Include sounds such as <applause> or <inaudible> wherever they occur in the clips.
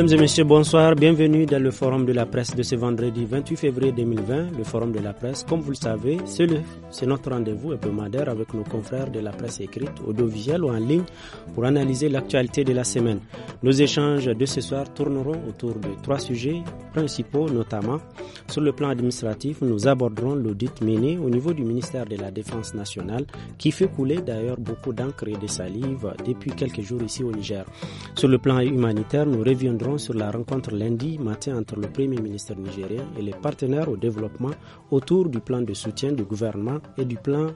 Mesdames et messieurs, bonsoir. Bienvenue dans le forum de la presse de ce vendredi 28 février 2020. Le forum de la presse, comme vous le savez, c'est notre rendez-vous hebdomadaire avec nos confrères de la presse écrite, audiovisuelle ou en ligne pour analyser l'actualité de la semaine. Nos échanges de ce soir tourneront autour de trois sujets principaux, notamment sur le plan administratif, nous aborderons l'audit mené au niveau du ministère de la Défense nationale qui fait couler d'ailleurs beaucoup d'encre et de salive depuis quelques jours ici au Niger. Sur le plan humanitaire, nous reviendrons sur la rencontre lundi matin entre le Premier ministre nigérien et les partenaires au développement autour du plan de soutien du gouvernement et du plan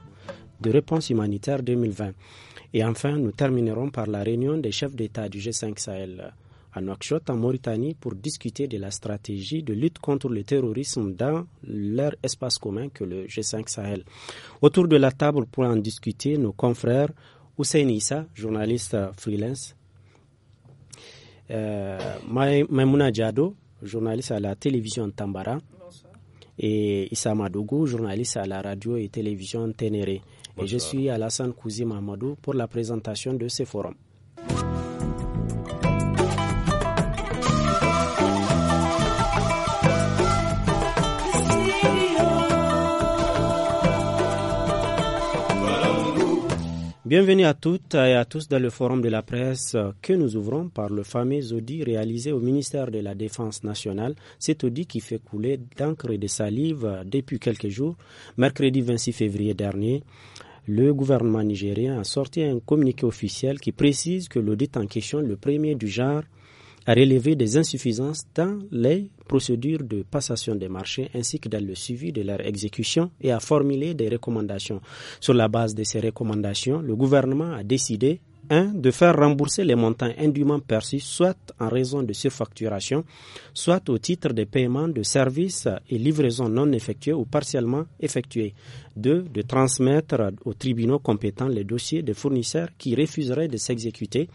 de réponse humanitaire 2020. Et enfin, nous terminerons par la réunion des chefs d'État du G5 Sahel à Nouakchott, en Mauritanie, pour discuter de la stratégie de lutte contre le terrorisme dans leur espace commun que le G5 Sahel. Autour de la table pour en discuter, nos confrères Hussein Issa, journaliste freelance, euh, Maimouna Diado, journaliste à la télévision Tambara, et Issa Madougou, journaliste à la radio et télévision Ténéré. Et je suis Alassane Kouzi Mamadou pour la présentation de ce forum. Bienvenue à toutes et à tous dans le forum de la presse que nous ouvrons par le fameux audit réalisé au ministère de la Défense nationale. Cet audit qui fait couler d'encre et de salive depuis quelques jours. Mercredi 26 février dernier, le gouvernement nigérien a sorti un communiqué officiel qui précise que l'audit en question, le premier du genre, à relever des insuffisances dans les procédures de passation des marchés ainsi que dans le suivi de leur exécution et à formuler des recommandations. Sur la base de ces recommandations, le gouvernement a décidé 1. De faire rembourser les montants indûment perçus, soit en raison de surfacturation, soit au titre des paiements de services et livraisons non effectués ou partiellement effectués. 2. De transmettre aux tribunaux compétents les dossiers des fournisseurs qui refuseraient de s'exécuter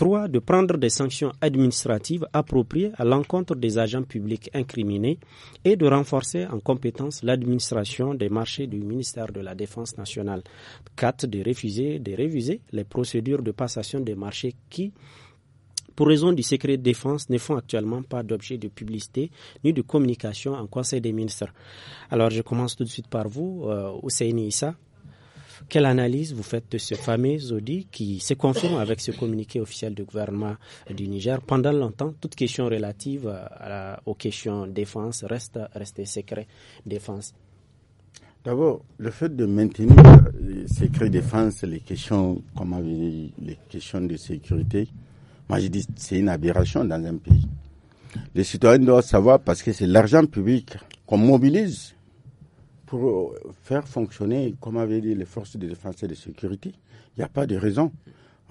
3. De prendre des sanctions administratives appropriées à l'encontre des agents publics incriminés et de renforcer en compétence l'administration des marchés du ministère de la Défense nationale. 4. De refuser, de réviser les procédures de passation des marchés qui pour raison du secret de défense, ne font actuellement pas d'objet de publicité ni de communication en Conseil des ministres. Alors, je commence tout de suite par vous, euh, au Ousseini Issa. Quelle analyse vous faites de ce fameux Zodi qui se confirme avec ce communiqué officiel du gouvernement du Niger Pendant longtemps, toute question relative aux questions défense reste restée secret défense. D'abord, le fait de maintenir euh, les secrets défense, les questions, les questions de sécurité, moi je dis c'est une aberration dans un pays. Les citoyens doivent savoir parce que c'est l'argent public qu'on mobilise pour euh, faire fonctionner, comme avait dit, les forces de défense et de sécurité. Il n'y a pas de raison.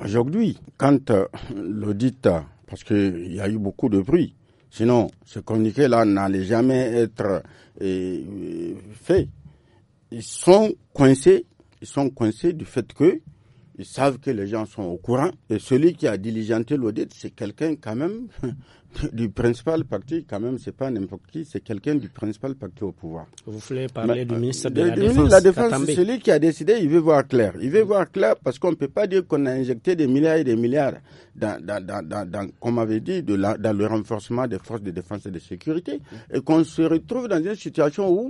Aujourd'hui, quand euh, l'audit, euh, parce qu'il y a eu beaucoup de bruit, sinon ce communiqué-là n'allait jamais être fait, ils sont coincés, ils sont coincés du fait que ils savent que les gens sont au courant. Et celui qui a diligenté l'audit, c'est quelqu'un quand même <laughs> du principal parti. Quand même, c'est pas n'importe qui, c'est quelqu'un du principal parti au pouvoir. Vous voulez parler du ministre euh, de, la Défense La Défense, c'est celui qui a décidé, il veut voir clair. Il veut voir clair parce qu'on ne peut pas dire qu'on a injecté des milliards et des milliards dans, dans, avait dit, dans le renforcement des forces de défense et de sécurité. Et qu'on se retrouve dans une situation où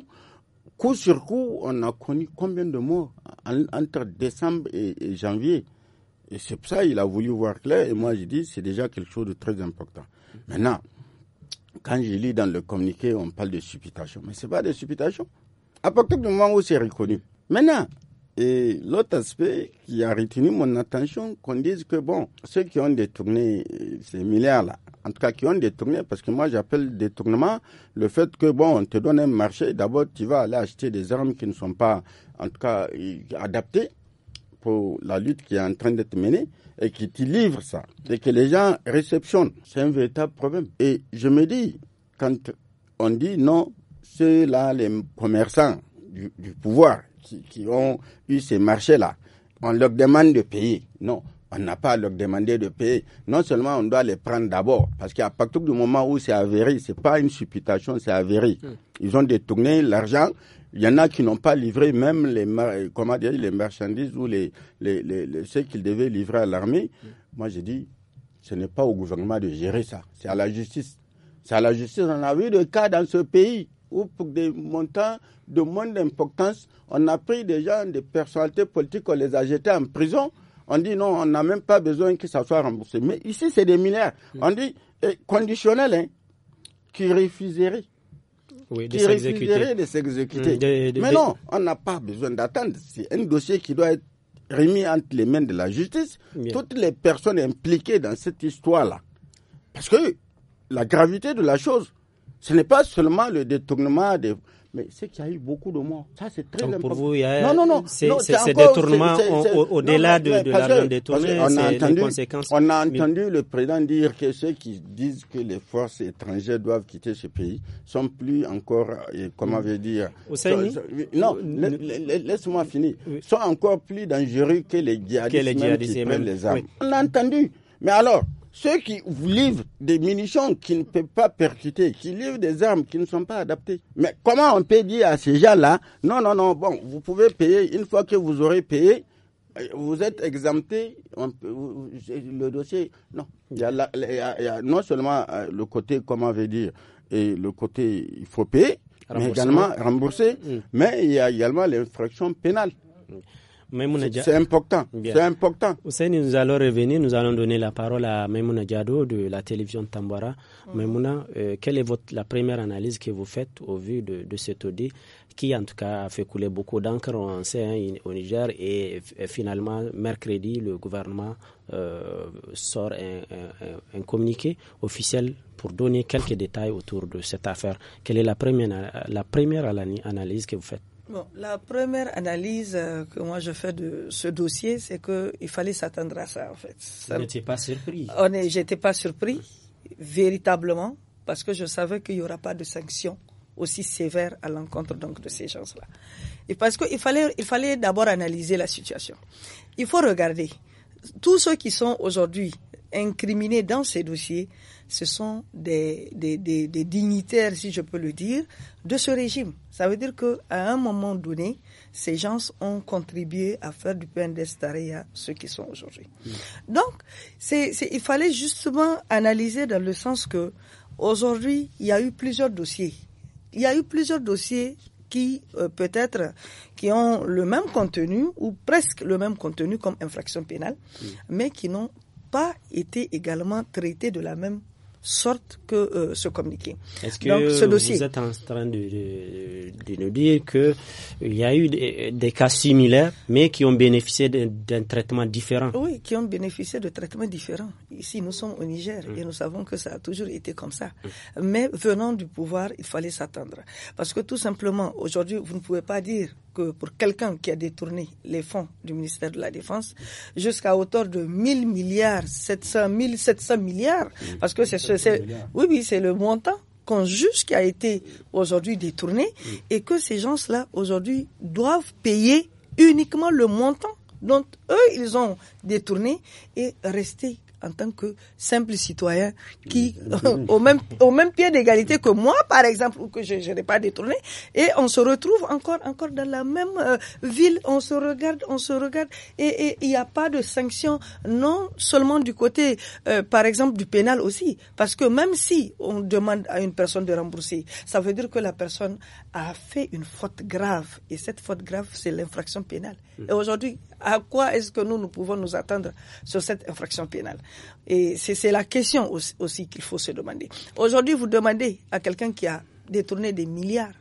coup sur coup, on a connu combien de morts entre décembre et, janvier. Et c'est pour ça qu'il a voulu voir clair. Et moi, je dis, c'est déjà quelque chose de très important. Maintenant, quand je lis dans le communiqué, on parle de supputation. Mais ce n'est pas de supputation. À partir du moment où c'est reconnu. Maintenant, et l'autre aspect qui a retenu mon attention, qu'on dise que bon, ceux qui ont détourné euh, ces milliards-là, en tout cas qui ont détourné, parce que moi j'appelle détournement le fait que bon, on te donne un marché, d'abord tu vas aller acheter des armes qui ne sont pas, en tout cas, euh, adaptées pour la lutte qui est en train d'être menée et qui te livre ça, et que les gens réceptionnent. C'est un véritable problème. Et je me dis, quand on dit non, c'est là les commerçants du, du pouvoir, qui, ont eu ces marchés-là, on leur demande de payer. Non, on n'a pas à leur demander de payer. Non seulement on doit les prendre d'abord, parce qu'à partir du moment où c'est avéré, c'est pas une supputation, c'est avéré. Hmm. Ils ont détourné l'argent. Il y en a qui n'ont pas livré même les, comment dire, les marchandises ou les, les, ceux qu'ils devaient livrer à l'armée. Hmm. Moi, j'ai dit, ce n'est pas au gouvernement de gérer ça. C'est à la justice. C'est à la justice. On a vu des cas dans ce pays ou pour des montants de moins d'importance, on a pris des gens, des personnalités politiques, on les a jetés en prison. On dit non, on n'a même pas besoin que ça soit remboursé. Mais ici, c'est des milliards. On dit euh, conditionnel, hein, qui refuserait. de s'exécuter. Mais non, on n'a pas besoin d'attendre. C'est un dossier qui doit être remis entre les mains de la justice. Toutes les personnes impliquées dans cette histoire-là. Parce que la gravité de la chose, ce n'est pas seulement le détournement des mais c'est qu'il y a eu beaucoup de morts. Ça, c'est très important. Pour vous, non, non, non, ces détournement au-delà de, de l'argent détourné, on a entendu, On a entendu le président dire que ceux qui disent que les forces étrangères doivent quitter ce pays sont plus encore, euh, comment mm. veut dire... Non, laisse-moi finir. Sont encore plus dangereux que les djihadistes, que les qui les armes. On l'a entendu. Mais alors, ceux qui vous livrent des munitions qui ne peuvent pas percuter, qui livrent des armes qui ne sont pas adaptées. Mais comment on peut dire à ces gens-là, non, non, non, bon, vous pouvez payer, une fois que vous aurez payé, vous êtes exempté, le dossier, non. Il y, a non seulement euh, le côté, comment on veut dire, et le côté, il faut payer, mais également rembourser, mm. mais il y a également l'infraction pénale. Mm. C'est important. C'est important. nous allons revenir. Nous allons donner la parole à Maimouna Diado de la télévision Tambora. Mm. Euh, quelle est votre, la première analyse que vous faites au vu de, cet audit qui, en tout cas, a fait couler beaucoup d'encre, en hein, au Niger. Et, finalement, mercredi, le gouvernement euh, sort un, un communiqué officiel pour donner quelques détails autour de cette affaire. Quelle est la première, la première analyse que vous faites Bon, la première analyse euh, que moi je fais de ce dossier, c'est qu'il fallait s'attendre à ça en fait. Vous n'étiez pas surpris On j'étais pas surpris véritablement parce que je savais qu'il n'y aura pas de sanctions aussi sévères à l'encontre donc de ces gens-là. Et parce qu'il fallait, il fallait d'abord analyser la situation. Il faut regarder tous ceux qui sont aujourd'hui incriminés dans ces dossiers, ce sont des, dignitaires, si je peux le dire, de ce régime. Ça veut dire qu'à un moment donné, ces gens ont contribué à faire du d'estaré à ceux qui sont aujourd'hui. Mm. Donc, il fallait justement analyser dans le sens que aujourd'hui, il y a eu plusieurs dossiers. Il y a eu plusieurs dossiers qui euh, peut-être qui ont le même contenu ou presque le même contenu comme infraction pénale, mais qui n'ont pas été également traités de la même sorte que euh, se ce communiqué. Est-ce que Donc, vous êtes en train de, de, nous dire qu'il y a eu des, cas similaires, mais qui ont bénéficié d'un traitement différent Oui, qui ont bénéficié de traitements différents. Ici, nous sommes au Niger et nous savons que ça a toujours été comme ça. Mais venant du pouvoir, il fallait s'attendre. Parce que tout simplement, aujourd'hui, vous ne pouvez pas dire que pour quelqu'un qui a détourné les fonds du ministère de la Défense jusqu'à hauteur de 1000 milliards, 700, 1700 milliards, parce que c'est, oui, c'est le montant qu'on juge qui a été aujourd'hui détourné et que ces gens-là aujourd'hui doivent payer uniquement le montant dont eux ils ont détourné et rester en tant que simple citoyen qui, <laughs> au même, au même pied d'égalité que moi, par exemple, ou que je, je n'ai pas détourné, et on se retrouve encore, encore dans la même euh, ville, on se regarde, on se regarde, et il n'y a pas de sanction, non seulement du côté, euh, par exemple, du pénal aussi, parce que même si on demande à une personne de rembourser, ça veut dire que la personne a fait une faute grave. Et cette faute grave, c'est l'infraction pénale. Mm. Et aujourd'hui, à quoi est-ce que nous, nous pouvons nous attendre sur cette infraction pénale Et c'est la question aussi, qu'il faut se demander. Aujourd'hui, vous demandez à quelqu'un qui a détourné des milliards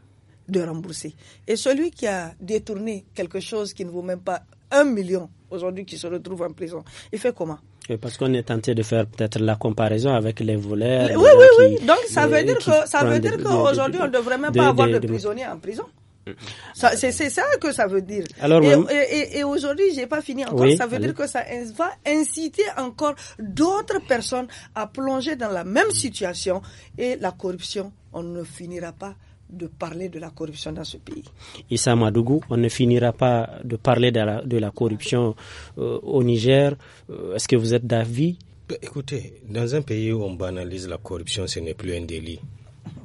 de rembourser. Et celui qui a détourné quelque chose qui ne vaut même pas un million aujourd'hui qui se retrouvent en prison. Il fait comment parce qu'on est tenté de faire peut-être la comparaison avec les voleurs. oui, oui, oui. Donc ça veut dire ça veut dire qu'aujourd'hui on ne devrait même pas avoir de, prisonniers en prison. Mm, mm, mm. C'est ça que ça veut dire. Alors, et, et, et aujourd'hui, j'ai pas fini encore. ça veut dire que ça va inciter encore d'autres personnes à plonger dans la même situation et la corruption, on ne finira pas de parler de la corruption dans ce pays. Issa Madougou, on ne finira pas de parler de la, corruption euh, au Niger. Euh, est-ce que vous êtes d'avis bah, Écoutez, dans un pays où on banalise la corruption, ce n'est plus un délit.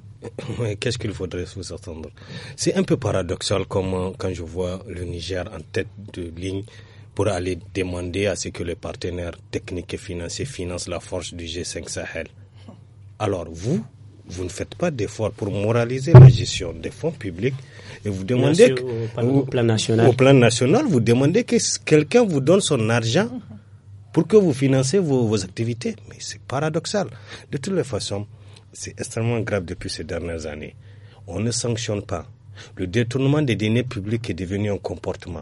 <laughs> Qu'est-ce qu'il faudrait vous attendre C'est un peu paradoxal comme euh, quand je vois le Niger en tête de ligne pour aller demander à ce que les partenaires techniques et financiers financent la force du G5 Sahel. Alors vous, vous ne faites pas d'efforts pour moraliser la gestion des fonds publics et vous demandez que, au, plan national. au plan national, vous demandez que quelqu'un vous donne son argent pour que vous financez vos, vos activités. Mais c'est paradoxal. De toutes les façons, c'est extrêmement grave depuis ces dernières années. On ne sanctionne pas. Le détournement des deniers publics est devenu un comportement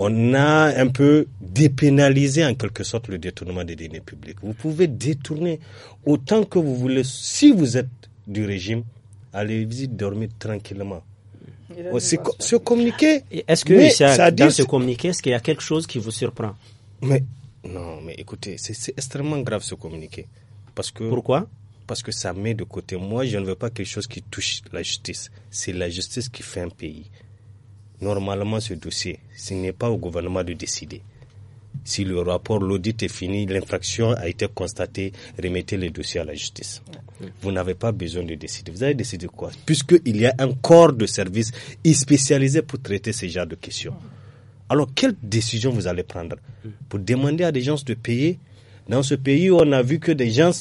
on a un peu dépénalisé en quelque sorte le détournement des données publics. Vous pouvez détourner autant que vous voulez. Si vous êtes du régime, allez-y dormir tranquillement. Oh, Se, communiquer. Est-ce que ça, dit, est-ce qu'il y a quelque chose qui vous surprend Mais non, mais écoutez, c'est extrêmement grave ce communiqué. Parce que, Pourquoi Parce que ça met de côté. Moi, je ne veux pas quelque chose qui touche la justice. C'est la justice qui fait un pays. Normalement, ce dossier, ce n'est pas au gouvernement de décider. Si le rapport, l'audit est fini, l'infraction a été constatée, remettez le dossier à la justice. Vous n'avez pas besoin de décider. Vous avez décidé quoi Puisqu'il y a un corps de service spécialisé pour traiter ce genre de questions. Alors, quelle décision vous allez prendre mm. Pour demander à des gens de payer Dans ce pays, on a vu que des gens,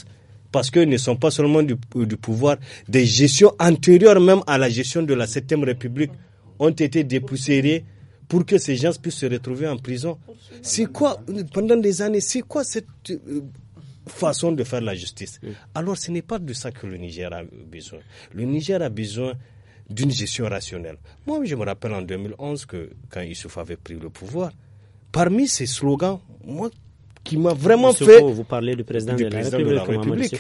parce qu'ils ne sont pas seulement du, pouvoir, des gestions antérieures même à la gestion de la 7 République, ont été dépoussiérés pour que ces gens puissent se retrouver en prison. C'est quoi, pendant des années, c'est quoi cette euh, façon de faire la justice Alors ce n'est pas de ça que le Niger a besoin. Le Niger a besoin d'une gestion rationnelle. Moi, je me rappelle en 2011 que quand Issouf avait pris le pouvoir, parmi ces slogans, moi, qui m'a vraiment fait... Vous parlez du président, de, la président de, la République.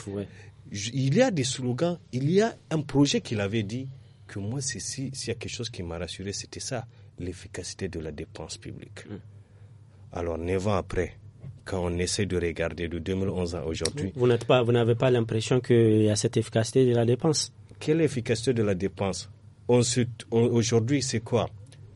Il y a des slogans, il y a un projet qu'il avait dit, que moi, s'il si, y a quelque chose qui m'a rassuré, c'était ça, l'efficacité de la dépense publique. Mm. Alors, neuf ans après, quand on essaie de regarder de 2011 à aujourd'hui. Vous n'êtes pas, vous n'avez pas l'impression qu'il y a cette efficacité de la dépense Quelle efficacité de la dépense ensuite Aujourd'hui, c'est quoi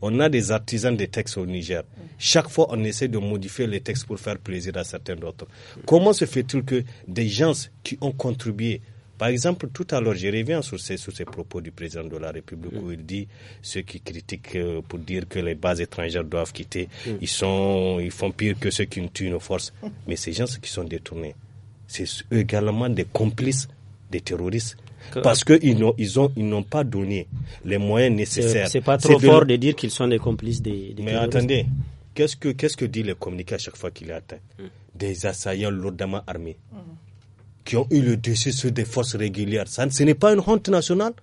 on a des artisans des textes au Niger. Chaque fois, on essaie de modifier les textes pour faire plaisir à certains d'autres. Comment se fait-il que des gens qui ont contribué par exemple, tout à l'heure, je reviens sur ces, propos du président de la République où il dit ceux qui critiquent euh, pour dire que les bases étrangères doivent quitter, mm. ils, sont, ils font pire que ceux qui tuent nos forces. <laughs> Mais ces gens ceux qui sont détournés, c'est également des complices des terroristes parce qu'ils n'ont ils ont, ils n'ont pas donné les moyens nécessaires. C'est pas trop fort de... dire qu'ils sont des complices des, terroristes. Mais attendez, qu'est-ce que dit le communiqué à chaque fois qu'il est atteint mm. Des assaillants lourdement armés. Mm qui ont eu le dessus sur des forces régulières. Ça, ce n'est pas une honte nationale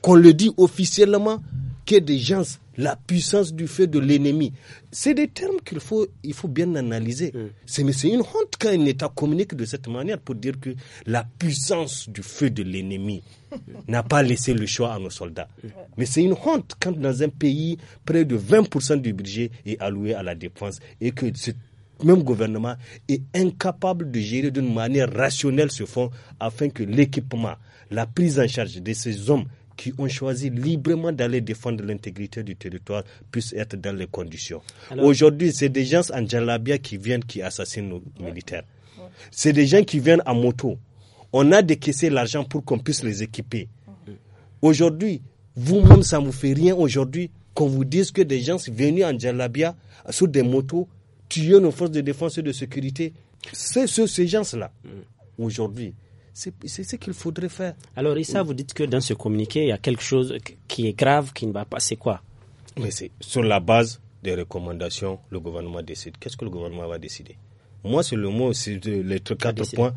qu'on le dit officiellement que des gens, la puissance du feu de l'ennemi. C'est des termes qu'il faut, il faut bien analyser. Mm. C'est, mais c'est une honte quand un État communique de cette manière pour dire que la puissance du feu de l'ennemi mm. n'a pas laissé le choix à nos soldats. Mais c'est une honte quand dans un pays, près de 20% du budget est alloué à la défense et que même gouvernement est incapable de gérer d'une manière rationnelle ce fonds afin que l'équipement, la prise en charge de ces hommes qui ont choisi librement d'aller défendre l'intégrité du territoire puissent être dans les conditions. Aujourd'hui, c'est des gens en Djalabia qui viennent qui assassinent nos militaires. C'est des gens qui viennent en moto. On a décaissé l'argent pour qu'on puisse les équiper. Aujourd'hui, vous-même, ça ne vous fait rien aujourd'hui qu'on vous dise que des gens sont venus en Djalabia sur des motos tuer nos forces de défense et de sécurité. C'est ce, ces gens-là, mm. aujourd'hui. C'est ce qu'il faudrait faire. Alors, Issa, vous dites que dans ce communiqué, il y a quelque chose qui est grave, qui ne va pas. C'est quoi Mais c'est sur la base des recommandations, le gouvernement décide. Qu'est-ce que le gouvernement va décider Moi, c'est le mot, c'est les quatre points.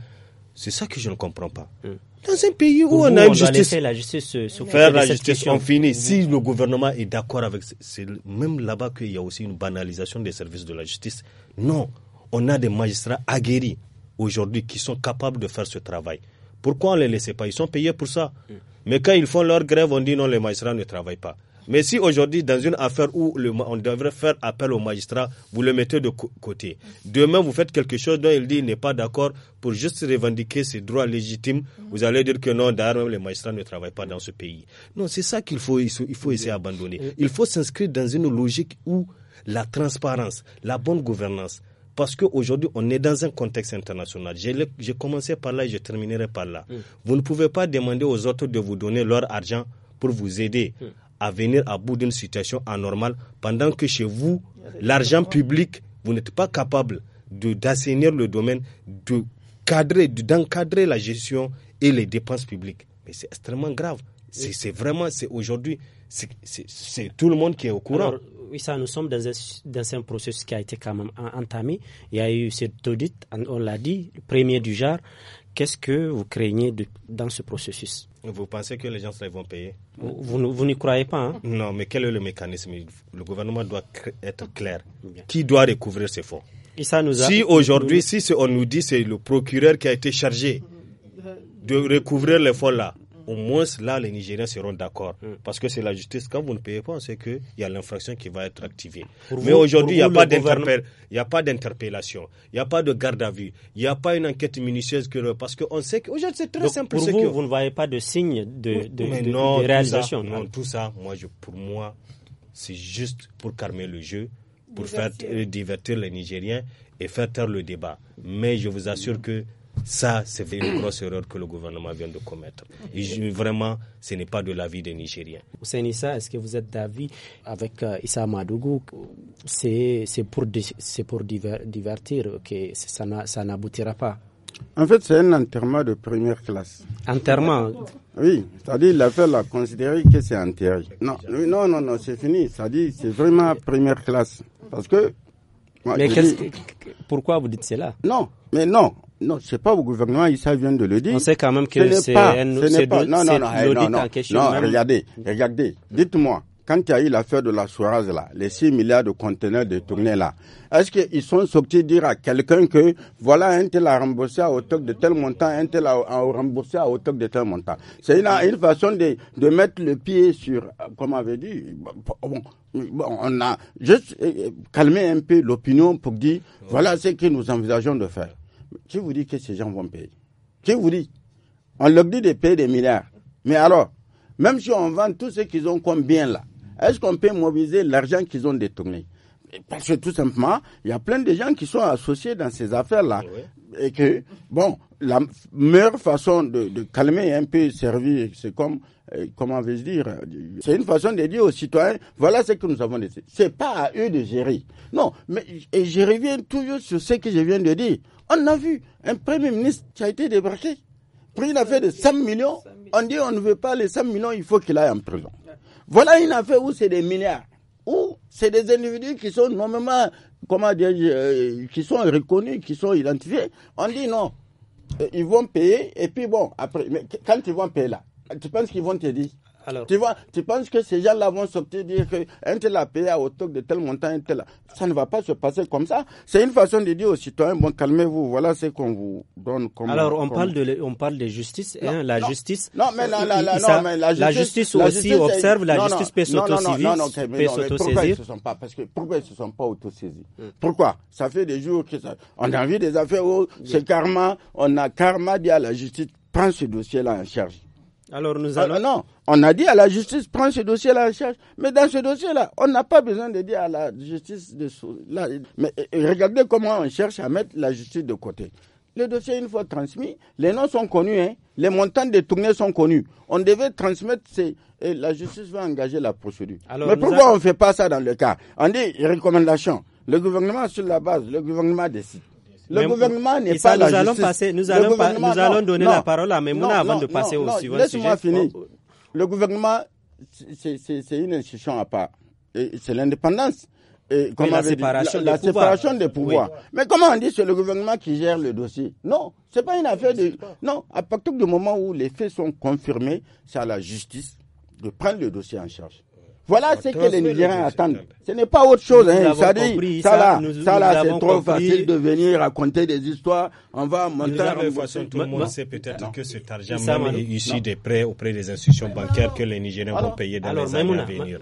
C'est ça que je ne comprends pas. Mm. Dans un pays où, on a une justice. La justice se, faire la justice, on Si le gouvernement est d'accord avec. C'est même là-bas qu'il y a aussi une banalisation des services de la justice. Non, on a des magistrats aguerris aujourd'hui qui sont capables de faire ce travail. Pourquoi on ne les laissait pas Ils sont payés pour ça. Mm. Mais quand ils font leur grève, on dit non, les magistrats ne travaillent pas. Mais si aujourd'hui, dans une affaire où on devrait faire appel au magistrat, vous le mettez de côté. Demain, vous faites quelque chose dont il dit qu'il n'est pas d'accord pour juste revendiquer ses droits légitimes. Vous allez dire que non, d'ailleurs, les magistrats ne travaillent pas dans ce pays. Non, c'est ça qu'il faut, il faut essayer d'abandonner. Il faut s'inscrire dans une logique où la transparence, la bonne gouvernance, parce qu'aujourd'hui, on est dans un contexte international. J'ai commencé par là et je terminerai par là. Vous ne pouvez pas demander aux autres de vous donner leur argent pour vous aider à venir à bout d'une situation anormale pendant que chez vous, l'argent public, vous n'êtes pas capable d'assainir le domaine, de cadrer, d'encadrer la gestion et les dépenses publiques. Mais c'est extrêmement grave. C'est vraiment, c'est aujourd'hui, c'est tout le monde qui est au courant. oui, ça, nous sommes dans un, dans un, processus qui a été quand même entamé. Il y a eu cette audit, on l'a dit, le premier du genre. Qu'est-ce que vous craignez dans ce processus vous pensez que les gens vont payer Vous, n'y croyez pas hein? Non, mais quel est le mécanisme Le gouvernement doit être clair. Qui doit recouvrir ces fonds Si aujourd'hui, si on nous dit que c'est le procureur qui a été chargé mm-hmm. de recouvrir les fonds là, au moins là, les Nigériens seront d'accord. Hmm. Parce que c'est la justice. Quand vous ne payez pas, on sait qu'il y a l'infraction qui va être activée. Mais aujourd'hui, il n'y a, a, pas d'interpellation, il n'y a pas de garde à vue, il n'y a pas une enquête minutieuse. Que, parce qu'on sait que aujourd'hui, c'est très simple. Pour vous, que... vous ne voyez pas de signe de, réalisation. non, tout ça, moi, je, pour moi, c'est juste pour calmer le jeu, pour faire divertir les Nigériens et faire taire le débat. Mais je vous assure que ça, c'est une grosse erreur que le gouvernement vient de commettre. vraiment, ce n'est pas de l'avis des Nigériens. Hussein Nissa, est-ce que vous êtes d'avis avec euh, Issa Madougou C'est pour, pour divertir que ça n'aboutira pas en fait, c'est un enterrement de première classe. Enterrement Oui, c'est-à-dire l'affaire a considéré que c'est enterré. Non, non, non, non c'est fini. C'est-à-dire c'est vraiment première classe. Parce que. pourquoi vous dites cela Non, mais non. Non, c'est pas au gouvernement, ça vient de le dire. On sait quand même que c'est pas, en question. Non, regardez, regardez, dites-moi, quand il y a eu l'affaire de la Souraz là, les 6 milliards de conteneurs détournés là, est-ce qu'ils sont sortis dire à quelqu'un que voilà un tel a remboursé à hauteur de tel montant, un tel a remboursé à hauteur de tel montant C'est une, façon de, de, mettre le pied sur, euh, comme avait dit, bon, on a juste euh, euh, calmé un peu l'opinion pour dire voilà ce que nous envisageons de faire. Qui vous dit que ces gens vont payer Qui vous dit On leur dit de payer des milliards. Mais alors, même si on vend tout ce qu'ils ont comme bien là, est-ce qu'on peut mobiliser l'argent qu'ils ont détourné Parce que tout simplement, il y a plein de gens qui sont associés dans ces affaires-là. Eh Et que, bon, la meilleure façon de, de calmer un peu servir, c'est comme euh, comment vais-je dire C'est une façon de dire aux citoyens voilà ce que nous avons laissé. C'est pas à eux de gérer. Non, mais et je reviens toujours sur ce que je viens de dire. On a vu un premier ministre qui a été débarqué, pris une affaire de 5 millions. On dit on ne veut pas les 5 millions, il faut qu'il aille en prison. Voilà une affaire où c'est des milliards, où c'est des individus qui sont normalement comment dire, euh, qui sont reconnus, qui sont identifiés. On dit non, euh, ils vont payer, et puis bon, après, mais quand ils vont payer là, tu penses qu'ils vont te dire tu vois, tu penses que ces gens-là vont sortir dire qu'un tel a payé à de tel montant, un tel. Ça ne va pas se passer comme ça. C'est une façon de dire aux citoyens, bon, calmez-vous, voilà ce qu'on vous donne comme. Alors, on, Parle, de, on parle de justice, hein, la justice. Non, mais la, justice, aussi observe, la justice peut s'autosaisir. pourquoi ils se sont pas, parce que pourquoi ils se sont pas autosaisis? Hmm. Pourquoi? Ça fait des jours que ça, on a vu des affaires où c'est karma, on a karma dit à la justice, prends ce dossier-là en charge. Alors nous ah, allons. non, on a dit à la justice, prends ce dossier là la charge. Mais dans ce dossier-là, on n'a pas besoin de dire à la justice de. mais euh, euh, regardez comment on cherche à mettre la justice de côté. Le dossier, une fois transmis, les noms sont connus, hein. les montants détournés sont connus. On devait transmettre, ces, et euh, la justice va engager la procédure. Mais pourquoi on ne fait pas ça dans le cas On dit recommandation. Le gouvernement, sur la base, le gouvernement décide. Le gouvernement n'est pas la allons justice. nous, allons, donner la parole à Memouna avant de passer au suivant Laisse-moi finir. Le gouvernement, c'est une institution à part. C'est l'indépendance. Et la, séparation, des pouvoirs. Mais comment on dit c'est le gouvernement qui gère le dossier Non, c'est pas une affaire de. Non, à partir du moment où les faits sont confirmés, c'est à la justice de prendre le dossier en charge. Voilà ce que les Nigériens attendent. Ce n'est pas autre chose. Hein. Ça dit, ça là, ça là, c'est trop facile de venir raconter des histoires. On va monter. De façon, tout le monde sait peut-être que cet argent est issu des prêts auprès des institutions bancaires que les Nigériens vont payer dans les années à venir.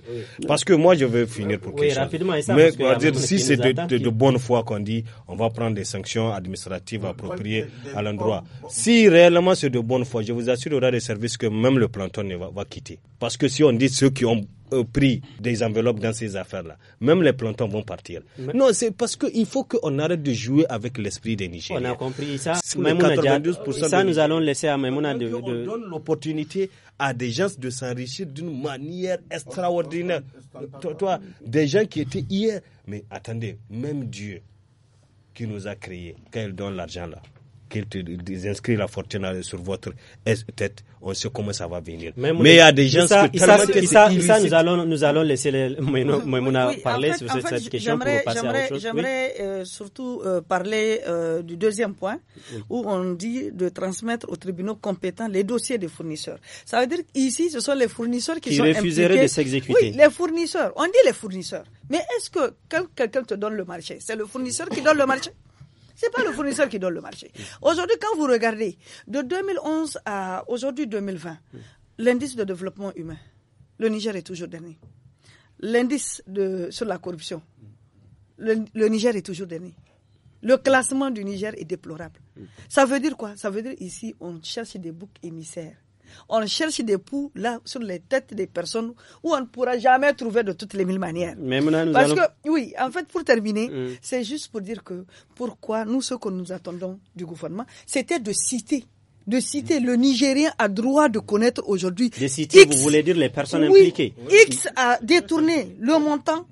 Parce que moi, je veux finir pour Mais si c'est de, bonne foi qu'on dit, on va prendre des sanctions administratives appropriées à l'endroit. Si réellement c'est de bonne foi, je vous assure, il y aura des services que même le planton va, va quitter. Parce que si on dit ceux qui ont pris des enveloppes dans ces affaires-là. Même les plantons vont partir. non, c'est parce qu'il faut qu'on arrête de jouer avec l'esprit des Nigériens. On a compris ça. ça, nous allons laisser à de, de... On donne l'opportunité à des gens de s'enrichir d'une manière extraordinaire. Toi, des gens qui étaient hier, mais attendez, même Dieu qui nous a créés, quand il donne l'argent là, qu'ils inscrivent la fortune sur votre tête, on sait comment ça va venir. Mais il y a des gens qui ça, ça, ça, nous allons nous allons laisser <laughs> Maimouna euh, euh, parler sur cette, question J'aimerais surtout parler du deuxième point où on dit de transmettre aux tribunaux compétents les dossiers des fournisseurs. Ça veut dire qu'ici, ce sont les fournisseurs qui, qui refuseraient de s'exécuter. Oui, les fournisseurs. On dit les fournisseurs. Mais est-ce que quelqu'un te donne le marché, c'est le fournisseur qui donne le marché c'est pas le fournisseur qui donne le marché. Aujourd'hui, quand vous regardez, de 2011 à aujourd'hui 2020, l'indice de développement humain, le Niger est toujours dernier. L'indice sur la corruption, le, Niger est toujours dernier. Le classement du Niger est déplorable. Ça veut dire quoi Ça veut dire ici, on cherche des boucs émissaires on cherche des poux là sur les têtes des personnes où on ne pourra jamais trouver de toutes les mille manières. Parce que, oui, en fait, pour terminer, mm. c'est juste pour dire que pourquoi nous, ce que nous attendons du gouvernement, c'était de citer de citer le Nigérien a droit de connaître aujourd'hui. De citer, vous voulez dire les personnes impliquées. X a détourné le montant,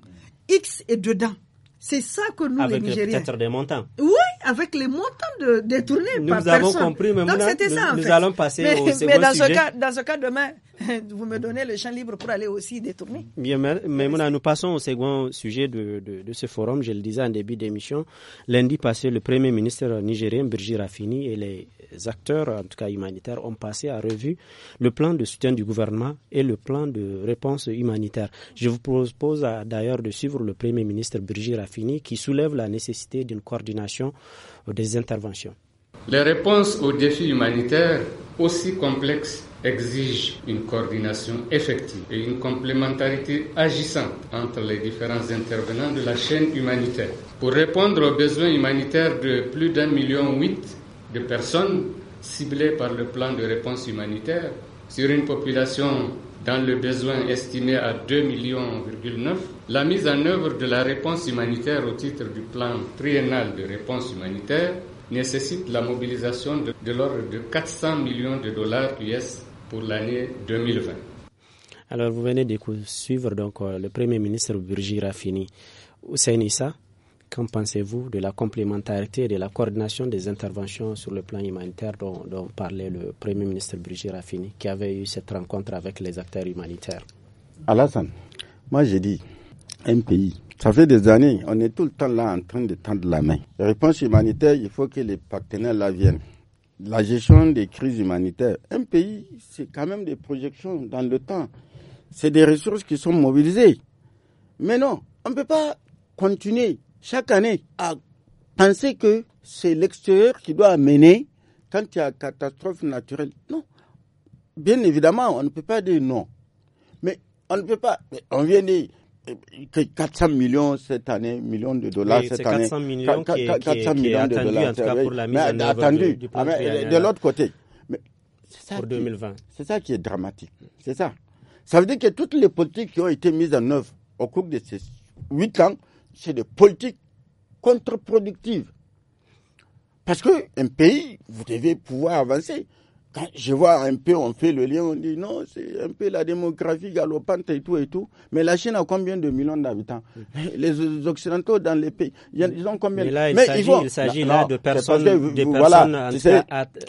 X est dedans. C'est ça que nous, les Nigériens... Avec des montants. Oui, avec les montants détournés nous par personne. Nous avons compris, mais maintenant nous, allons passer au second dans sujet. Mais cas, dans ce cas, demain, <laughs> vous me donnez le champ libre pour aller aussi détourner. Bien, mais maintenant nous passons au second sujet de, ce forum. Je le disais en début d'émission, lundi passé, le Premier ministre nigérien, Birgit Rafini, et les acteurs, en tout cas humanitaires, ont passé à revue le plan de soutien du gouvernement et le plan de réponse humanitaire. Je vous propose d'ailleurs de suivre le Premier ministre Birgit Rafini qui soulève la nécessité d'une coordination euh, des interventions. Les réponses aux défis humanitaires, aussi complexes, exigent une coordination effective et une complémentarité agissante entre les différents intervenants de la chaîne humanitaire. Pour répondre aux besoins humanitaires de plus d'un million huit de personnes ciblées par le plan de réponse humanitaire, sur une population dans le besoin estimé à 2,9 millions, la mise en œuvre de la réponse humanitaire au titre du plan triennal de réponse humanitaire nécessite la mobilisation de, l'ordre de 400 millions de dollars US pour l'année 2020. Alors vous venez de suivre donc euh, le Premier ministre Burji Rafini. Hussein qu'en pensez-vous de la complémentarité et de la coordination des interventions sur le plan humanitaire dont, dont parlait le Premier ministre Burji Rafini qui avait eu cette rencontre avec les acteurs humanitaires Alassane, moi j'ai dit, un pays. Ça fait des années, on est tout le temps là en train de tendre la main. Réponse humanitaire, il faut que les partenaires la viennent. La gestion des crises humanitaires, un pays, c'est quand même des projections dans le temps. C'est des ressources qui sont mobilisées. Mais non, on ne peut pas continuer chaque année à penser que c'est l'extérieur qui doit mener quand il y a catastrophe naturelle. Non. Bien évidemment, on ne peut pas dire non. Mais on ne peut pas. On vient dire, 400 millions cette année, millions de dollars cette année. 400 millions de dollars. de l'autre côté, pour 2020. C'est ça qui est dramatique. C'est ça. Ça veut dire que toutes les politiques qui ont été mises en œuvre au cours de ces huit ans, c'est des politiques contre-productives. Parce qu'un pays, vous devez pouvoir avancer je vois un peu, on fait le lien, on dit non, c'est un peu la démographie galopante et tout et tout. Mais la Chine a combien de millions d'habitants Les Occidentaux dans les pays, ils ont combien Mais là, il s'agit là, de personnes, des personnes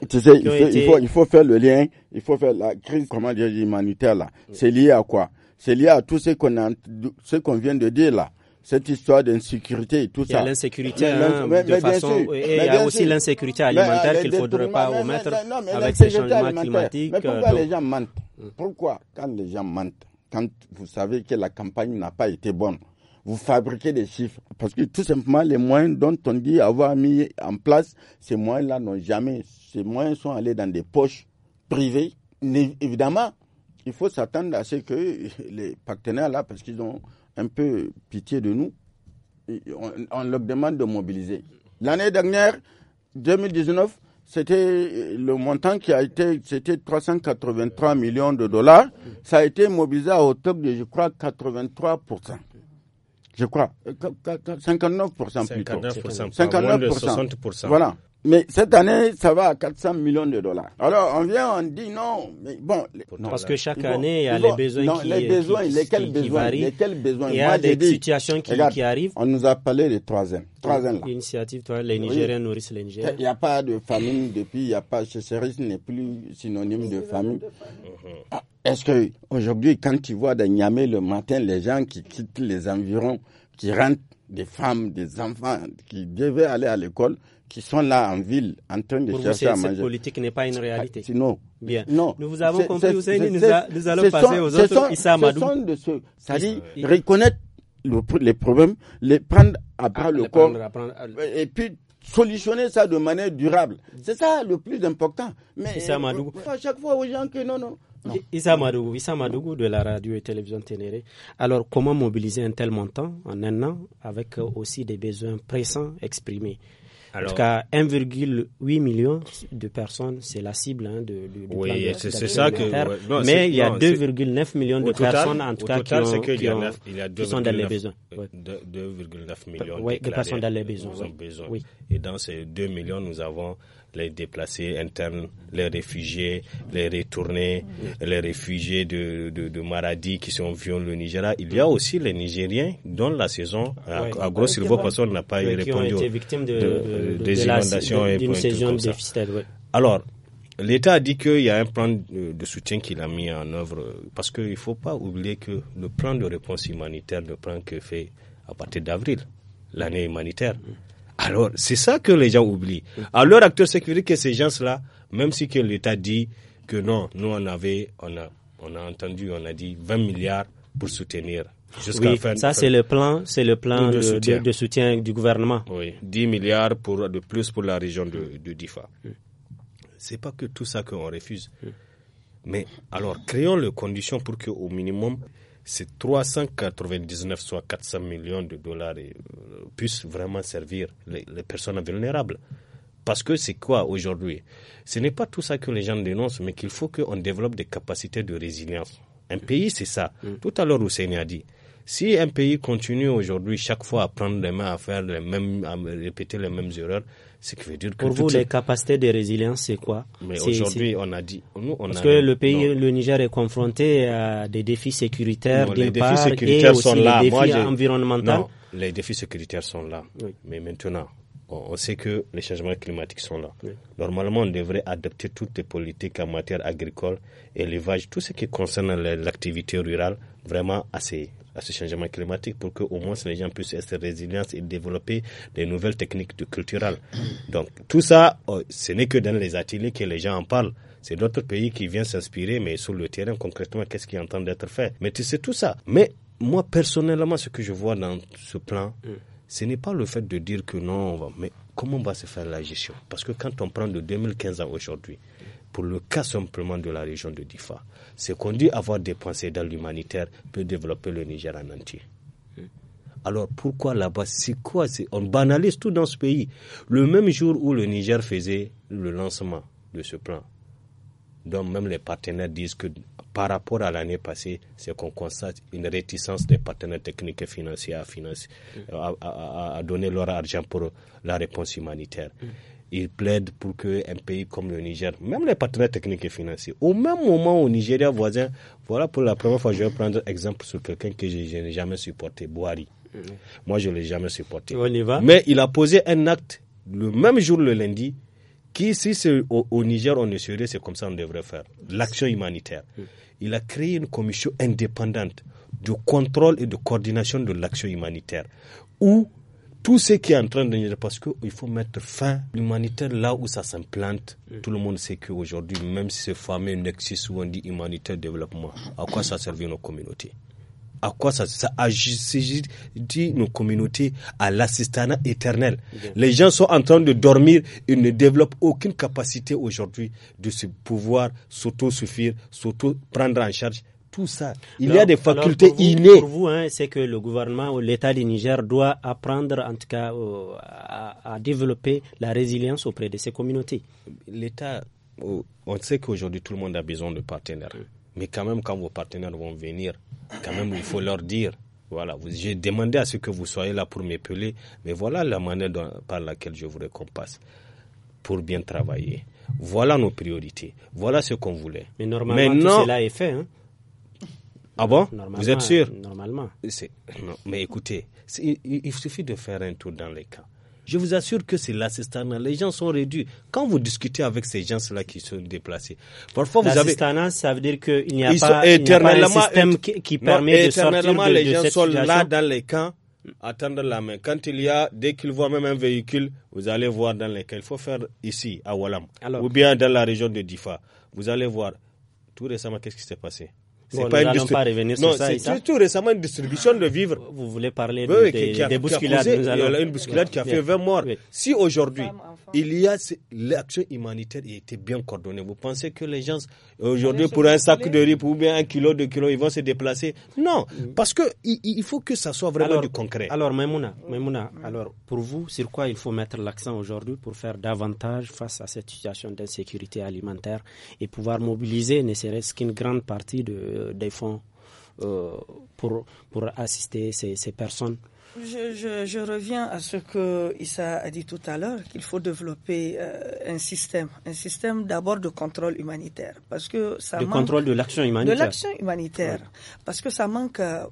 tu sais, il, faut, il, faut, faire le lien, il faut faire la crise, comment dire, humanitaire là. C'est lié à quoi C'est lié à tout ce qu'on qu'on vient de dire là cette histoire d'insécurité et tout ça. Il y a l'insécurité hein, de façon, et il y a aussi l'insécurité alimentaire ah, qu'il ne faudrait pas omettre avec ces changements climatiques. Mais pourquoi euh, les gens mentent Pourquoi quand les gens mentent, quand vous savez que la campagne n'a pas été bonne, vous fabriquez des chiffres Parce que tout simplement, les moyens dont on dit avoir mis en place, ces moyens-là n'ont jamais, ces moyens sont allés dans des poches privées. Évidemment, il faut s'attendre à ce que les partenaires là, parce qu'ils ont un peu pitié de nous. On, leur demande de mobiliser. L'année dernière, 2019, c'était euh, le montant qui a été, c'était 383 millions de dollars. Ça a été mobilisé à hauteur de, je crois, 83 je crois, 59% euh, plutôt. 59%, 59%. 60%. Voilà. Mais cette année, ça va à 400 millions de dollars. Alors, on vient, on dit non, mais bon. parce que chaque année, il y a les besoins qui, les euh, besoins, lesquels besoins, varient. Il y a des situations qui, arrivent. On nous a parlé des troisièmes. là. Initiative, toi, les Nigériens nourrissent les Nigériens. Il n'y a pas de famine depuis, il n'y a pas, service n'est plus synonyme de famine. Ah, est-ce que aujourd'hui, quand tu vois dans Niamey le matin, les gens qui quittent les environs, qui rentrent, des femmes, des enfants qui devaient aller à l'école, qui sont là en ville en train de Pour chercher vous, à manger. Cette politique n'est pas une ah, réalité. Sinon, Bien. Non. Nous vous avons compris, nous, allons passer aux autres. Sont, Issa Amadou. C'est-à-dire reconnaître les problèmes, les prendre à ah, bras le, corps et puis solutionner ça de manière durable. Mm. C'est ça le plus important. Mais Issa Amadou. à chaque fois aux gens que non, non. Issa Madougou, Issa Madougou de la radio et télévision Ténéré. Alors, comment mobiliser un tel montant en un an avec euh, aussi des besoins pressants exprimés en tout cas, 1,8 million de personnes, c'est la cible hein, de, du, oui, c'est ça que, Mais il y a 2,9 millions de personnes, en tout cas, qui, qui sont dans les besoins. 2,9 euh, millions de personnes dans euh, les besoins. Oui. Et dans ces 2 millions, nous avons les déplacés internes, les réfugiés, les retournés, les réfugiés de, de, Maradi qui sont venus au Nigeria. Ah, il y a aussi les Nigériens dont la saison, à, ah, gros à grosse niveau, n'a pas répondu. Ils ont été victimes de, euh, des inondations et Alors, L'État a dit qu'il y a un plan de soutien qu'il a mis en œuvre parce qu'il ne faut pas oublier que le plan de réponse humanitaire, le plan que fait à partir d'avril, l'année humanitaire, alors, c'est ça que les gens oublient. Alors, acteurs sécurité que ces gens-là, même si que l'État dit que non, nous on avait, on a, on a entendu, on a dit 20 milliards pour soutenir. la fin, ça c'est le plan, c'est le plan de soutien. du gouvernement. Oui, 10 milliards pour, de plus pour la région de, Difa. Ce C'est pas que tout ça qu'on refuse. Mais alors, créons les conditions pour que au minimum ces 399, soit 400 millions de dollars, euh, puissent vraiment servir les, personnes vulnérables. Parce que c'est quoi aujourd'hui Ce n'est pas tout ça que les gens dénoncent, mais qu'il faut qu'on développe des capacités de résilience. Un pays, c'est ça. Mm. Tout à l'heure, Ousseini a dit, si un pays continue aujourd'hui chaque fois à prendre les mains, à faire les mêmes, répéter les mêmes erreurs, ce qui veut dire que Pour vous, les capacités de résilience, c'est quoi Mais aujourd'hui, on a dit. Parce que le pays, le Niger est confronté à des défis sécuritaires, des et aussi les défis environnementaux. les défis sécuritaires sont là. Mais maintenant, on, sait que les changements climatiques sont là. Normalement, on devrait adopter toutes les politiques en matière agricole, élevage, tout ce qui concerne l'activité rurale, vraiment assez à ce changement climatique pour que au moins les gens puissent être résilients et développer des nouvelles techniques de culturelles. Mm. Donc tout ça, oh, ce n'est que dans les ateliers que les gens en parlent. C'est d'autres pays qui viennent s'inspirer, mais sur le terrain, concrètement, qu'est-ce qui est en train d'être fait Mais tu sais tout ça. Mais moi, personnellement, ce que je vois dans ce plan, mm. ce n'est pas le fait de dire que non, on va, mais comment on va se faire la gestion Parce que quand on prend de 2015 à aujourd'hui, pour le cas simplement de la région de Difa. Ce qu'on dit avoir dépensé dans l'humanitaire peut développer le Niger en entier. Alors pourquoi là-bas C'est quoi On banalise tout dans ce pays. Le même jour où le Niger faisait le lancement de ce plan, donc même les partenaires disent que par rapport à l'année passée, c'est qu'on constate une réticence des partenaires techniques et financiers à, donner leur argent pour la réponse humanitaire. Il plaide pour qu'un pays comme le Niger, même les partenaires techniques et financiers, au même moment au Nigeria voisin, voilà pour la première fois, je vais prendre exemple sur quelqu'un que je, n'ai jamais supporté, Boari. Mm. Moi, je ne l'ai jamais supporté. Mais il a posé un acte le même jour, le lundi, qui, si au, Niger, on est sûr, c'est comme ça on devrait faire. L'action humanitaire. Mm. Il a créé une commission indépendante de contrôle et de coordination de l'action humanitaire où tout ce qui est en train de parce qu'il faut mettre fin l'humanitaire là où ça s'implante. Tout le monde sait qu'aujourd'hui, même si c'est fameux nexus où on dit humanitaire développement, à quoi ça sert nos communautés à quoi ça, ça agit, dit nos communautés à l'assistance éternel. Les gens sont en train de dormir, ils ne développent aucune capacité aujourd'hui de se pouvoir s'auto-suffire, s'auto-prendre en charge tout ça. Il y a des facultés innées. Pour vous, hein, c'est que le gouvernement ou l'État du Niger doit apprendre, en tout cas, à, développer la résilience auprès de ses communautés. L'État, on sait qu'aujourd'hui, tout le monde a besoin de partenaires. Hum. Mais quand même, quand vos partenaires vont venir, quand même, il faut leur dire voilà, j'ai demandé à ce que vous soyez là pour m'épeler, mais voilà la manière par laquelle je vous récompasse pour bien travailler. Voilà nos priorités. Voilà ce qu'on voulait. Mais normalement, tout cela est fait. Hein? Ah bon Vous êtes sûr Normalement. mais écoutez, il, suffit de faire un tour dans les camps. Je vous assure que c'est l'assistanat. Les gens sont réduits. Quand vous discutez avec ces gens-là qui sont déplacés, parfois vous avez. ça veut dire qu'il n'y a, pas, il un système qui, permet de sortir de, les gens sont là dans les camps attendre la main. Quand il y a, dès qu'ils voient même un véhicule, vous allez voir dans les camps. il faut faire ici, à Walam, ou bien dans la région de Difa. Vous allez voir. Tout récemment, qu'est-ce qui s'est passé Bon, pas nous pas revenir sur non, ça. C'est surtout récemment une distribution de vivres. Vous voulez parler des, bousculades. Une bousculade qui a fait 20 morts. Si aujourd'hui, il y a l'action humanitaire a été bien coordonnée, vous pensez que les gens, aujourd'hui, pour un sac de riz ou bien un kilo de kilo, ils vont se déplacer Non, mm. parce que il, faut que ça soit vraiment du concret. Alors, mm. Maimouna, alors, pour vous, sur quoi il faut mettre l'accent aujourd'hui pour faire davantage face à cette situation d'insécurité alimentaire et pouvoir mobiliser ne serait-ce qu'une grande partie de des fonds euh, pour, pour assister ces, personnes. Je, reviens à ce que Issa a dit tout à l'heure, qu'il faut développer euh, un système, un système d'abord de contrôle humanitaire, parce que ça de contrôle de l'action humanitaire, de l'action humanitaire, parce que ça manque euh,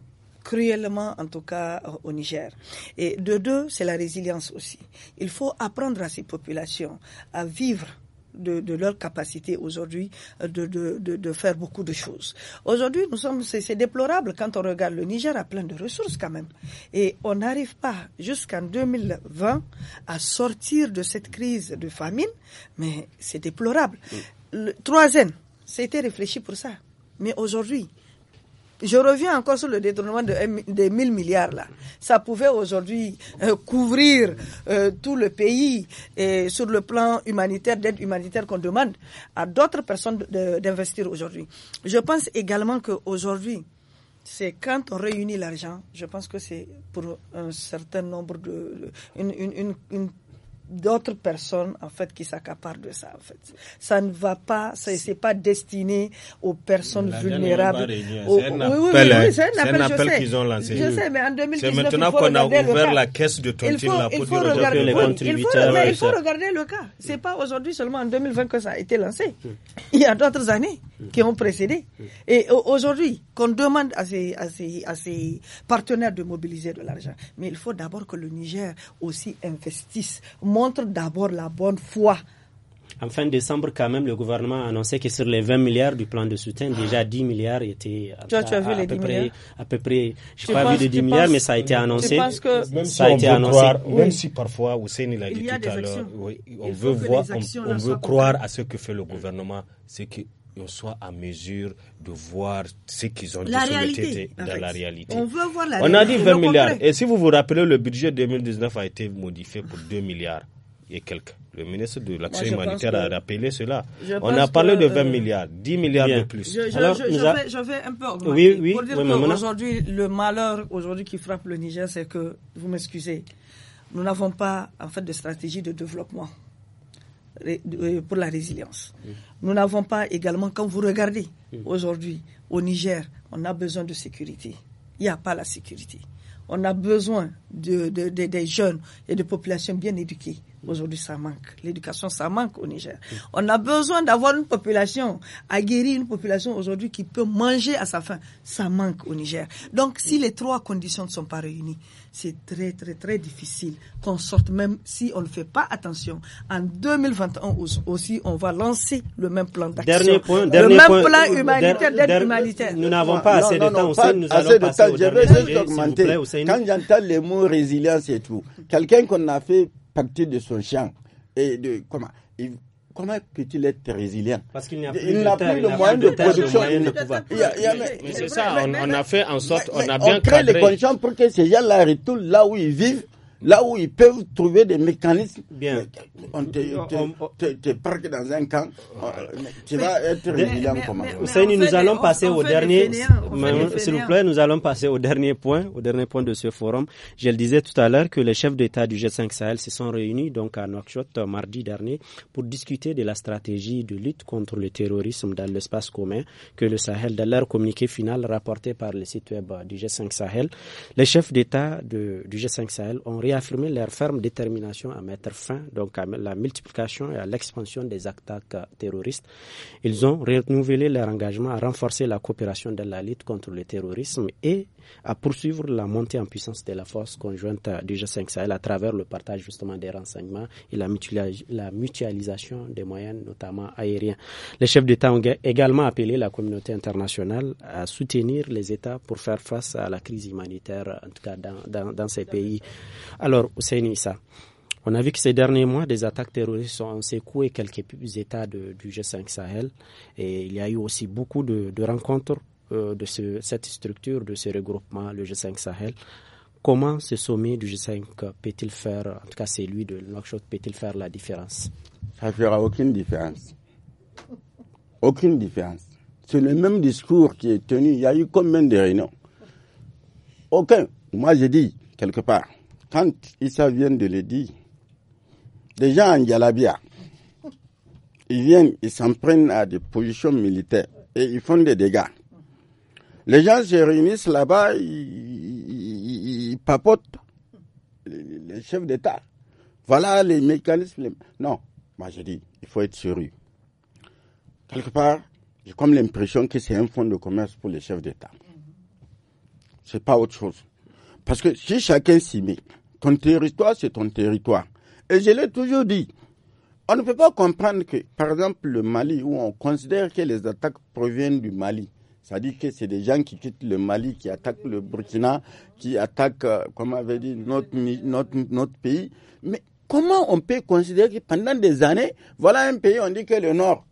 cruellement, en tout cas au Niger. Et de deux, c'est la résilience aussi. Il faut apprendre à ces populations à vivre de, leur capacité aujourd'hui euh, de, faire beaucoup de choses. Aujourd'hui, nous sommes, c'est déplorable quand on regarde le Niger a plein de ressources quand même. Et on n'arrive pas jusqu'en 2020 à sortir de cette crise de famine, mais c'est déplorable. troisième, c'était réfléchi pour ça. Mais aujourd'hui, je reviens encore sur le détournement de, des 1000 milliards là. Ça pouvait aujourd'hui euh, couvrir euh, tout le pays et sur le plan humanitaire, d'aide humanitaire qu'on demande à d'autres personnes d'investir aujourd'hui. Je pense également qu'aujourd'hui, c'est quand on réunit l'argent, je pense que c'est pour un certain nombre de, une, une, une d'autres personnes en fait qui s'accaparent de ça en fait ça ne va pas c'est pas destiné aux personnes vulnérables aux, c'est un, oui, oui, oui, appel, hein. qu'ils ont lancé je sais mais en 2019 c'est maintenant qu'on a ouvert la caisse de tontine pour il faut regarder, les contributeurs le cas c'est hmm. pas aujourd'hui seulement en 2020 que ça a été lancé hmm. il y a d'autres années hmm. qui ont précédé et aujourd'hui qu'on demande à ces, à, ces, partenaires de mobiliser de l'argent mais il faut d'abord que le Niger aussi investisse montre d'abord la bonne foi. En fin décembre, quand même, le gouvernement a annoncé que sur les 20 milliards du plan de soutien, déjà 10 milliards étaient à, peu près, à peu près, je n'ai pas vu de 10 milliards, mais ça a été annoncé. Même, ça si a été annoncé. même si parfois, Hussein l'a dit tout on veut voir, on, on veut croire à ce que fait le gouvernement, c'est que on soit à mesure de voir ce qu'ils ont la dit réalité, dans la réalité. On veut voir la On a dit 20 milliards. Et si vous vous rappelez, le budget 2019 a été modifié pour 2 milliards et quelques. Le ministre de l'Action humanitaire a rappelé cela. On a parlé de 20 euh, milliards, 10 milliards de plus. Je, vais, un peu augmenter. Oui, oui, pour dire oui, aujourd'hui, le malheur aujourd'hui qui frappe le Niger, c'est que, vous m'excusez, nous n'avons pas en fait de stratégie de développement. Euh, pour la résilience. Nous n'avons pas également, quand vous regardez mm. aujourd'hui au Niger, on a besoin de sécurité. Il n'y a pas la sécurité. On a besoin de, des jeunes et de populations bien éduquées. Aujourd'hui, ça manque. L'éducation, ça manque au Niger. Mm. On a besoin d'avoir une population aguerrie, une population aujourd'hui qui peut manger à sa faim. Ça manque au Niger. Donc, si mm. les trois conditions ne sont pas réunies, c'est très, très, très difficile qu'on sorte, même si on ne fait pas attention. En 2021 aussi, on va lancer le même plan d'action. le même plan euh, humanitaire, d'aide humanitaire. Nous n'avons pas assez de temps, nous de Je vais juste augmenter. Quand j'entends les mots résilience et tout, quelqu'un qu'on a fait partie de son champ, et de comment comment peut-il être résilient Parce qu'il n'y a plus, il n'a plus le moyen de, de production. Mais, c'est ça, on, a fait en sorte, on a bien créé les conditions pour que ces gens-là retournent là où ils vivent là où ils peuvent trouver des mécanismes. Bien. On te, te, te, parque dans un camp, ah, tu vas être résilient comment nous allons passer au dernier. S'il vous plaît, nous allons passer au dernier point, au dernier point de ce forum. Je le disais tout à l'heure que les chefs d'État du G5 Sahel se sont réunis donc à Nouakchott euh, mardi dernier pour discuter de la stratégie de lutte contre le terrorisme dans l'espace commun que le Sahel, dans leur communiqué final rapporté par le site web euh, du G5 Sahel, les chefs d'État du G5 Sahel ont réaffirmer leur ferme détermination à mettre fin donc à la multiplication et à l'expansion des attaques euh, terroristes. Ils ont renouvelé leur engagement à renforcer la coopération de la lutte contre le terrorisme et à poursuivre la montée en puissance de la force conjointe du G5 Sahel à travers le partage justement des renseignements et la, mutualisation des moyens, notamment aériens. Les chefs d'État ont également appelé la communauté internationale à soutenir les États pour faire face à la crise humanitaire, en tout cas dans, ces pays. Alors, Hussein Issa, on a vu que ces derniers mois, des attaques terroristes ont secoué quelques États du G5 Sahel et il y a eu aussi beaucoup de rencontres euh, de ce, cette structure, de ce regroupement, le G5 Sahel. Comment ce sommet du G5 peut-il faire, en tout cas celui de Nouakchott, peut-il faire la différence Ça ne fera aucune différence. Aucune différence. C'est le même discours qui est tenu. Il y a eu combien de réunions Aucun. Moi, j'ai dit, quelque part, quand Issa vient de le dire, des gens en Yalabia, ils viennent, ils s'en prennent à des positions militaires et ils font des dégâts. Les gens se réunissent là-bas, ils, papotent les, chefs d'État. Voilà les mécanismes. Non, moi je dis, il faut être sérieux. Quelque part, j'ai comme l'impression que c'est un fonds de commerce pour les chefs d'État. C'est pas autre chose. Parce que si chacun s'y met, ton territoire, c'est ton territoire. Et je l'ai toujours dit, on ne peut pas comprendre que, par exemple, le Mali, où on considère que les attaques proviennent du Mali, ça dit que c'est des gens qui quittent le Mali, qui attaquent le Burkina, qui attaquent, euh, comme avait dit, notre, notre, pays. Mais comment on peut considérer que pendant des années, voilà un pays, on dit que le Nord,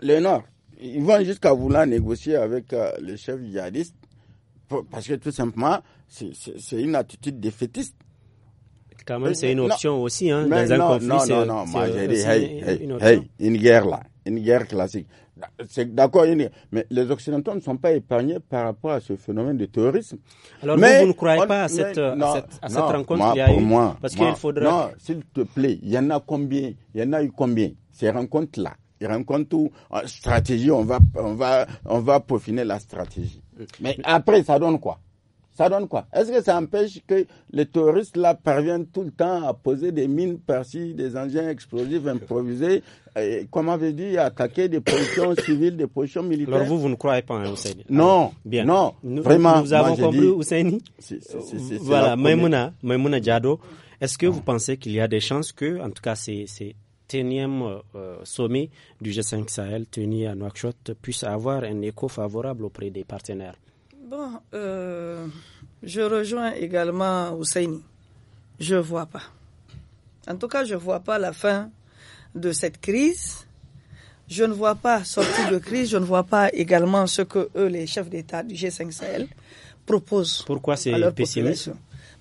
le Nord, ils vont jusqu'à vouloir négocier avec euh, les chefs djihadistes, parce que tout simplement, c'est une attitude défaitiste. Quand même, c'est une option aussi, hein, dans un conflit. Non, non, non, moi j'ai dit, hey, hey, une guerre là une guerre classique. C'est d'accord, mais les Occidentaux ne sont pas épargnés par rapport à ce phénomène de terrorisme. Alors, mais vous, ne croyez pas à cette, à cette, rencontre y a eu, moi, Parce qu'il faudra. Non, s'il te plaît, il y en a combien Il y en a eu combien Ces rencontres-là ces rencontres où stratégie, on va, on, va, on va peaufiner la stratégie. Mais après, ça donne quoi ça donne quoi Est-ce que ça empêche que les terroristes là parviennent tout le temps à poser des mines par des engins explosifs improvisés, et, comme on avait dit, attaquer des positions <coughs> civiles, des positions militaires Alors vous, vous ne croyez pas en hein, Non, bien. non, vraiment. Nous avons compris si. Voilà, Maimouna, Maimouna Diado, est-ce que vous ah. pensez qu'il y a des chances que, en tout cas, ces e euh, sommet du G5 Sahel tenu à Nouakchott puisse avoir un écho favorable auprès des partenaires euh, je rejoins également Husseini. Je ne vois pas. En tout cas, je ne vois pas la fin de cette crise. Je ne vois pas sortie de crise. Je ne vois pas également ce que eux, les chefs d'État du G5 Sahel, proposent. Pourquoi c'est pessimiste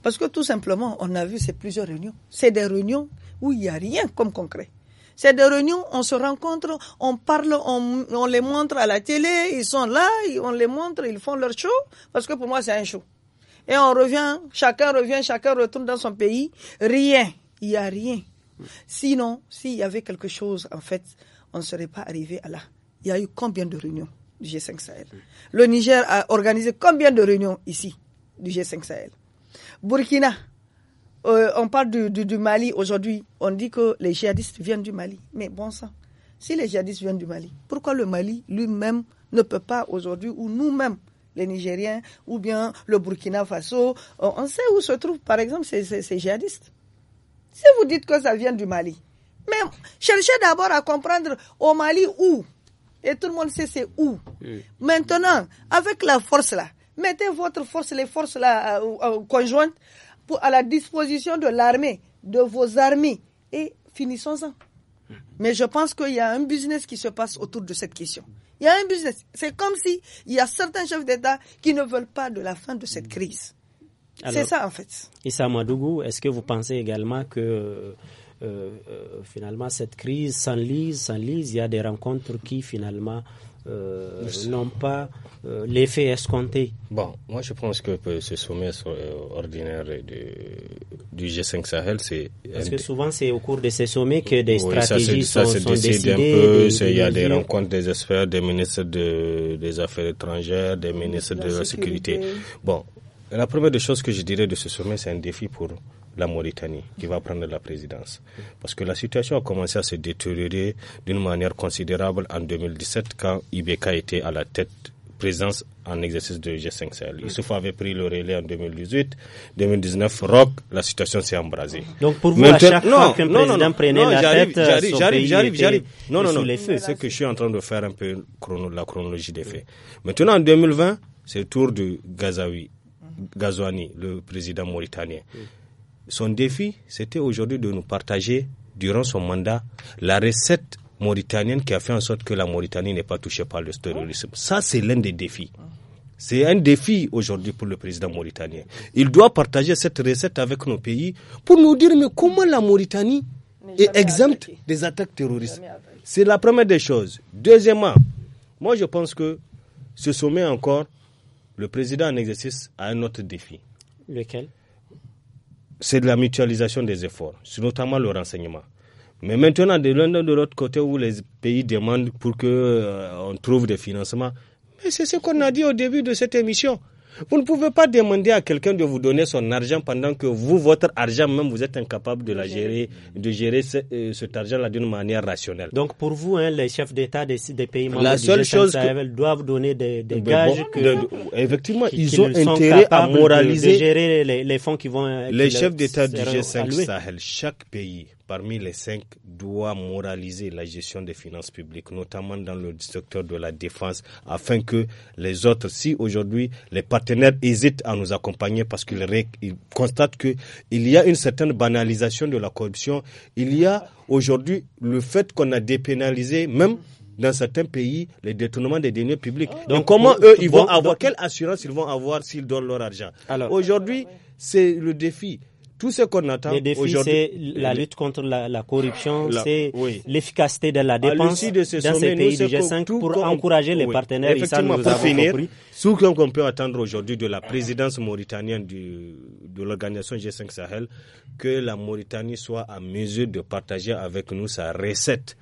Parce que tout simplement, on a vu ces plusieurs réunions. C'est des réunions où il n'y a rien comme concret. C'est des réunions, on se rencontre, on parle, on, les montre à la télé, ils sont là, on les montre, ils font leur show, parce que pour moi c'est un show. Et on revient, chacun revient, chacun retourne dans son pays, rien, il n'y a rien. Sinon, s'il y avait quelque chose, en fait, on ne serait pas arrivé à là. Il y a eu combien de réunions du G5 Sahel Le Niger a organisé combien de réunions ici du G5 Sahel Burkina, euh, on parle du, Mali aujourd'hui. On dit que les djihadistes viennent du Mali. Mais bon sang, si les djihadistes viennent du Mali, pourquoi le Mali lui-même ne peut pas aujourd'hui, ou nous-mêmes, les Nigériens, ou bien le Burkina Faso, euh, on sait où se trouvent, par exemple, ces, djihadistes Si vous dites que ça vient du Mali, mais cherchez d'abord à comprendre au Mali où. Et tout le monde sait c'est où. Maintenant, avec la force là, mettez votre force, les forces là, euh, conjointes, à la disposition de l'armée, de vos armées, et finissons-en. Mais je pense qu'il y a un business qui se passe autour de cette question. Il y a un business. C'est comme si y a certains chefs d'État qui ne veulent pas de la fin de cette crise. C'est ça en fait. Issa Madougou, est-ce que vous pensez également que euh, euh, finalement cette crise s'enlise, s'enlise, il y a des rencontres qui finalement euh, n'ont pas euh, l'effet escompté. Bon, moi je pense que ce sommet euh, ordinaire du G5 Sahel, c'est... Parce que souvent c'est au cours de ces sommets que des stratégies ça, sont, ça, décidées. Un peu, il y a des rencontres des experts, des ministres de, des Affaires étrangères, des ministres de la, sécurité. sécurité. Bon, la première des choses que je dirais de ce sommet, c'est un défi pour la Mauritanie qui va prendre la présidence. Parce que la situation a commencé à se détériorer d'une manière considérable en 2017 quand Ibeka était à la tête présence en exercice de G5 Sahel. Issoufa avait pris le relais en 2018, 2019, rock, la situation s'est embrasée. Donc pour vous, à chaque fois qu'un président prenait la tête, j'arrive, j'arrive, j'arrive, Non, non, non, c'est que je suis en train de faire un peu la chronologie des faits. Maintenant, en 2020, c'est le tour de Gazawi, Gazouani, le président mauritanien son défi, c'était aujourd'hui de nous partager, durant son mandat, la recette mauritanienne qui a fait en sorte que la Mauritanie n'est pas touchée par le terrorisme. Ça, c'est l'un des défis. C'est un défi aujourd'hui pour le président mauritanien. Il doit partager cette recette avec nos pays pour nous dire comment la Mauritanie est exempte des attaques terroristes. C'est la première des choses. Deuxièmement, moi je pense que ce sommet encore, le président en exercice a un autre défi. Lequel c'est de la mutualisation des efforts, notamment le renseignement. Mais maintenant, de l'un de l'autre côté où les pays demandent pour qu'on euh, on trouve des financements, mais c'est ce qu'on a dit au début de cette émission. Vous ne pouvez pas demander à quelqu'un de vous donner son argent pendant que vous, votre argent même, vous êtes incapable de la gérer, de gérer ce, euh, cet argent-là d'une manière rationnelle. Donc pour vous, hein, les chefs d'État des, des, pays membres la seule du doivent donner des, ben gages effectivement, ils ont intérêt à moraliser gérer les, fonds qui vont. Euh, les chefs d'État du G5 Sahel, chaque pays parmi les cinq doit moraliser la gestion des finances publiques, notamment dans le secteur de la défense, afin que les autres, si aujourd'hui les partenaires hésitent à nous accompagner parce qu'ils constatent qu'il y a une certaine banalisation de la corruption, il y a aujourd'hui le fait qu'on a dépénalisé même dans certains pays les détournements des deniers publics. Ah. donc, comment eux, ils vont avoir, quelle assurance ils vont avoir s'ils donnent leur argent Aujourd'hui, c'est le défi tout ce qu'on attend aujourd'hui. c'est la lutte contre la, corruption, c'est l'efficacité de la dépense de dans ces pays du G5 pour encourager les partenaires. Effectivement, ça, pour finir, ce qu'on peut attendre aujourd'hui de la présidence mauritanienne du, de l'organisation G5 Sahel, que la Mauritanie soit en mesure de partager avec nous sa recette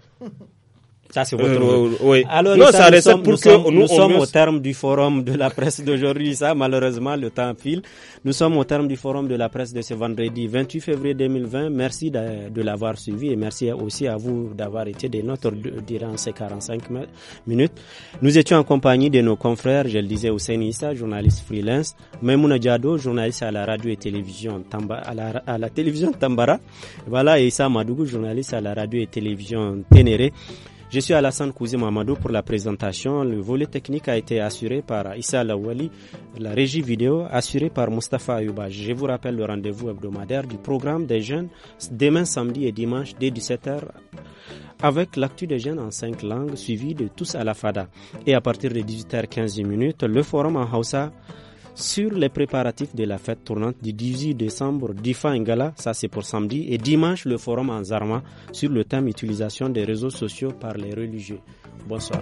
ça, c'est votre. Euh, oui. Alors, ça, nous sommes, pour nous au terme du forum de la presse d'aujourd'hui. Ça, malheureusement, le temps file. Nous sommes au terme du forum de la presse de ce vendredi 28 février 2020. Merci de, l'avoir suivi et merci aussi à vous d'avoir été des nôtres durant ces 45 minutes. Nous étions en compagnie de nos confrères, je le disais, Hussein Issa, journaliste freelance, Maimouna Diado, journaliste à la radio et télévision Tamba, à, la, télévision Tambara. Voilà, et Issa Madougou, journaliste à la radio et télévision Ténéré. Je suis Alassane Kouzi Mamadou pour la présentation. Le volet technique a été assuré par Issa Lawali, la régie vidéo assurée par Mustafa Ayouba. Je vous rappelle le rendez-vous hebdomadaire du programme des jeunes demain samedi et dimanche dès 17h avec l'actu des jeunes en cinq langues suivi de tous à la FADA. Et à partir de 18h15 minutes, le forum en Hausa sur les préparatifs de la fête tournante du 18 décembre d'IFA Ngala, ça c'est pour samedi, et dimanche le forum en Zarma sur le thème utilisation des réseaux sociaux par les religieux. Bonsoir.